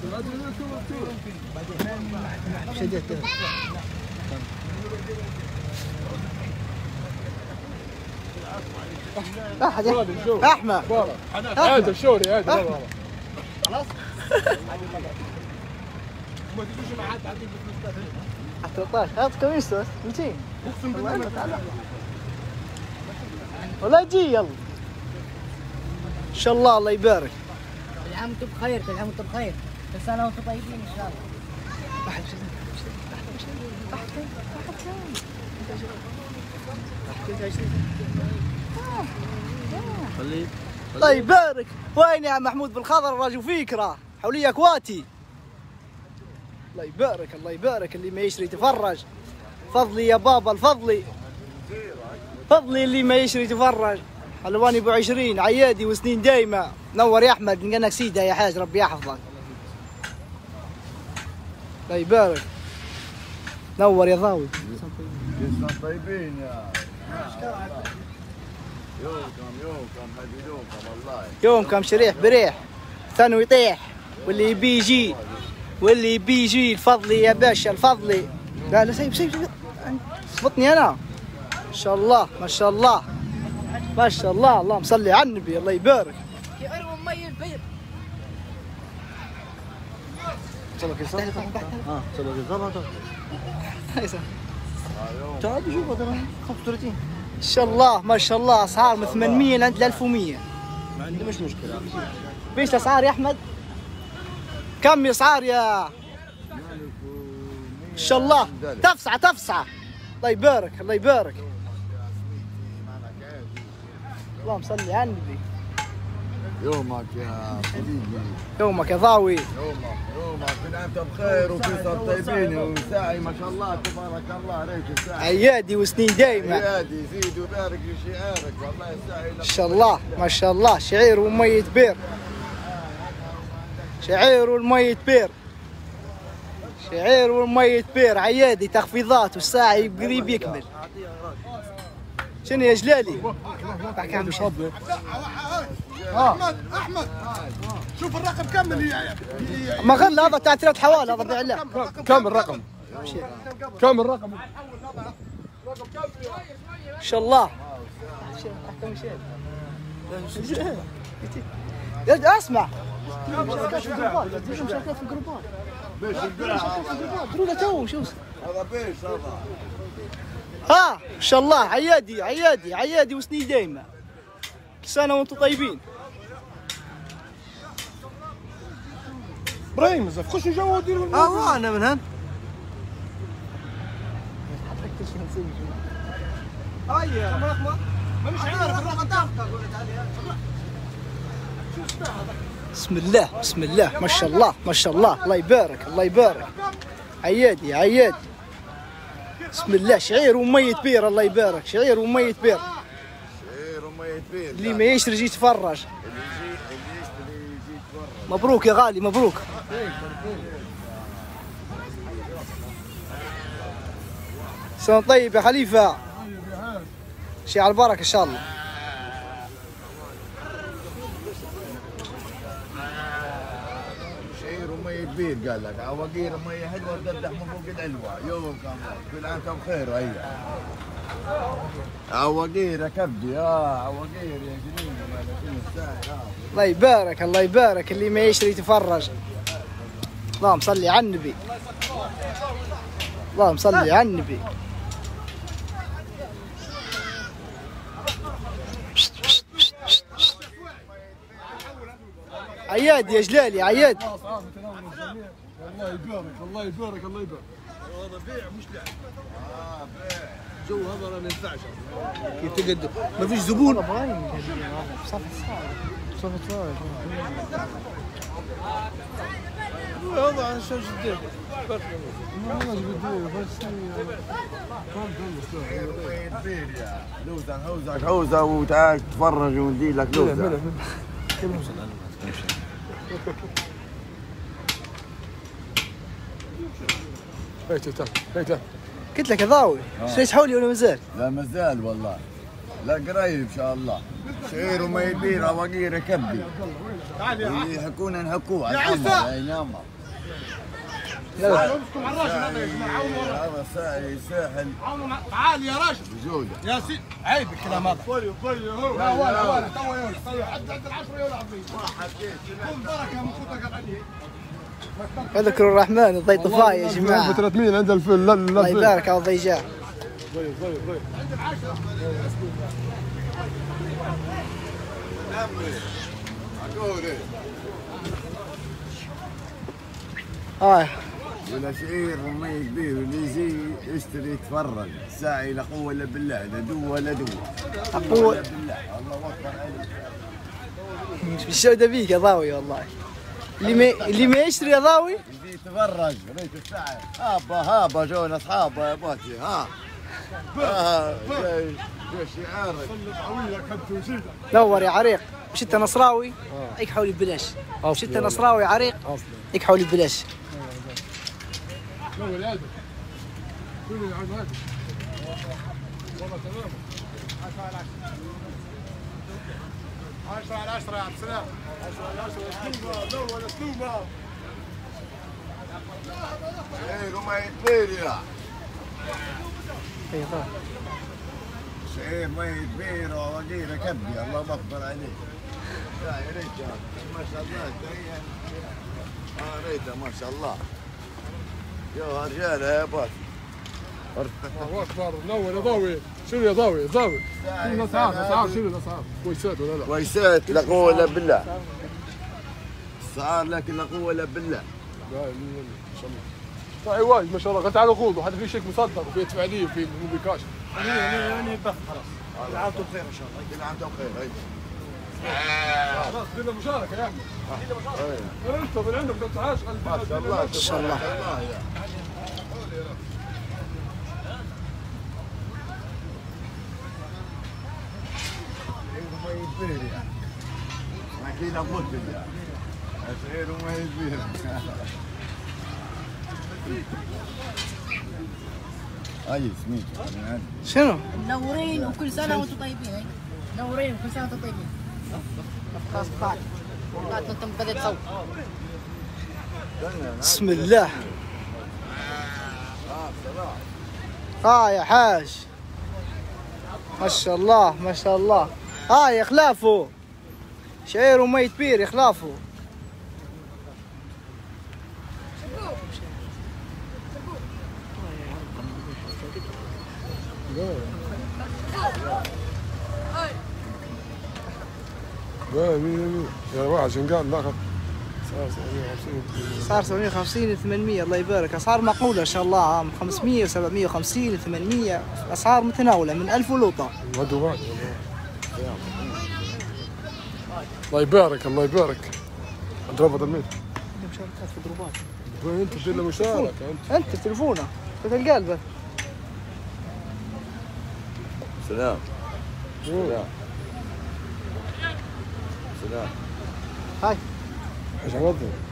احمد احمد احمد احمد احمد احمد خلاص احمد احمد احمد احمد احمد 13 احمد احمد احمد ولا جي يلا ان شاء الله الله يبارك كل عام وانتم بخير كل عام وانتم بخير بس انا وانتم طيبين ان شاء الله واحد مش واحد مش واحد فين طيب بارك وين يا محمود بالخضر الراجل فيك راه حولي اكواتي الله يبارك الله يبارك اللي ما يشري يتفرج فضلي يا بابا الفضلي فضلي اللي ما يشري يتفرج الواني ابو عشرين عيادي وسنين دايمه نور يا احمد نقلك سيده يا حاج ربي يحفظك الله يبارك نور يا ضاوي طيبين يا يومكم يومكم هذه يومكم والله يومكم شريح بريح ثانو يطيح واللي يبي يجي واللي يبي يجي الفضلي يا باشا الفضلي لا لا سيب سيب ضبطني انا ما شاء الله ما شاء الله ما شاء الله اللهم صل على النبي الله يبارك شبكه آه، شاء الله ما شاء الله اسعار من 800 ل 1100 ما عندي مشكله بيش اسعار يا احمد؟ كم اسعار يا ما شاء الله تفسعه تفسعه الله يبارك الله يبارك اللهم صل على النبي يومك يا صديقي يومك يا ضاوي يومك يومك كل عام بخير وفيصل طيبين وساعي ما شاء الله تبارك الله عليك ساعي ايادي وسنين دايما ايادي زيد وبارك في شعيرك والله ساعي ما شاء الله ما شاء الله شعير وميت بير شعير والميت بير شعير والميت بير عيادي تخفيضات والساعي قريب يكمل شنو يا جلالي؟ احمد احمد شوف الرقم كم اللي ما غير هذا ثلاث حوالي هذا بيع كم الرقم؟ كم الرقم؟ ان شاء الله اسمع ها ان شاء الله عيادي عيادي عيادي وسني دايما كل سنه وانتم طيبين ابراهيم بزاف خش جوا وديروا اه انا من هنا بسم الله بسم الله ما شاء الله ما شاء الله الله يبارك الله يبارك عيادي عيادي بسم الله شعير وميت بير الله يبارك شعير وميت بير شعير وميت بير اللي ما يشري يجي يتفرج مبروك يا غالي مبروك سنة طيب يا خليفة شي على البركة إن شاء الله شعير كبير قال لك عواقير مية حلوة تدح من فوق العلوة يوم كامل كل عام بخير هي عواقير يا كبدي اه عواقير يا جنين آه. الله يبارك الله يبارك اللي ما يشري يتفرج اللهم صل على النبي اللهم صل على النبي عياد يا جلالي عياد الله يبارك الله يبارك الله يبارك هذا بيع مش لعب اه بيع الجو هذا ما ينفعش كيف تقدر ما فيش زبون بصفة صعبة بصفة صعبة وهذا عن شو وتعال تفرج وندير لوزة قلت لك ضاوي آه. شريت حولي ولا مازال؟ لا مازال والله لا قريب ان شاء الله شعير وما يبير عواقير كبي يحكونا نحكوه يا عيسى امسكوا مع الراجل هذا يا جماعه تعال يا راجل بجوده يا سيدي عيب الكلام هذا قولي يا هو لا ولا ولا تو يولع حد عند العشره يولع فيه ما حكيت كل بركه من خطك عليه الرحمن الضي طفاه يا جماعه 300 عند الفل الله يبارك على الضي جاء عند العشره عقولي إيه؟ آه، ولا شعير رميت به واللي يجي يشتري يتفرج ساعي لا قوه الا بالله لا دوا لا دوا قوه بالله الله اكبر عليك الشوده بيك يا ضاوي والله اللي ما اللي ما يشتري يا ضاوي اللي يتفرج ريت الساعه هابا هابا جونا اصحابه يا باتي ها دور يا عريق مش انت نصراوي آه. يكحوا حولي ببلاش مش انت نصراوي عريق يكحوا حولي ببلاش لا ولي ادم كل اللي والله تمام 10 على 10 10 على 10 يا عبد السلام 10 على 10 اسلوبها لا اسلوبها ايه هما يتبيريا ايه طبعا ايه مي كبير الله اكبر عليك يا ريت ما شاء الله ريته ما شاء الله يا رجال يا باتي الله اكبر الاول يا ضاوي شنو يا ضاوي ضوي شنو الاسعار الاسعار شنو الاسعار كويسات ولا لا؟ كويسات لا قوه ولا بالله اسعار لكن لا قوه ولا بالله طيب، أيوة، ما شاء الله صحيح واجد ما شاء الله تعالوا خذوا حتى في شيك مصدر وفي يدفع لي وفي موبي كاش انا انا انا خلاص كل عام وانتم بخير ان شاء الله كل عام وانتم بخير خلاص مشاركه يا احمد مشاركه من ما شاء الله ما شاء الله اكيد اي سميك شنو؟ منورين وكل سنه وانتم طيبين منورين وكل سنه وانتم طيبين بسم الله اه يا حاج ما شاء الله ما شاء الله اه يا خلافو شعير وميت بير يا خلافو لا 100 100 يعني واحد قاعد الاخر صار 750 800 الله يبارك اسعار مقوله ان شاء الله عام 500 750 800 اسعار متناوله من 1000 ولوطه الله يبارك الله يبارك ضربت الميت مشاركات في جروبات انت في مشاركه انت انت تلفونه تلقى القلب سلام سلام that. Hi. it going?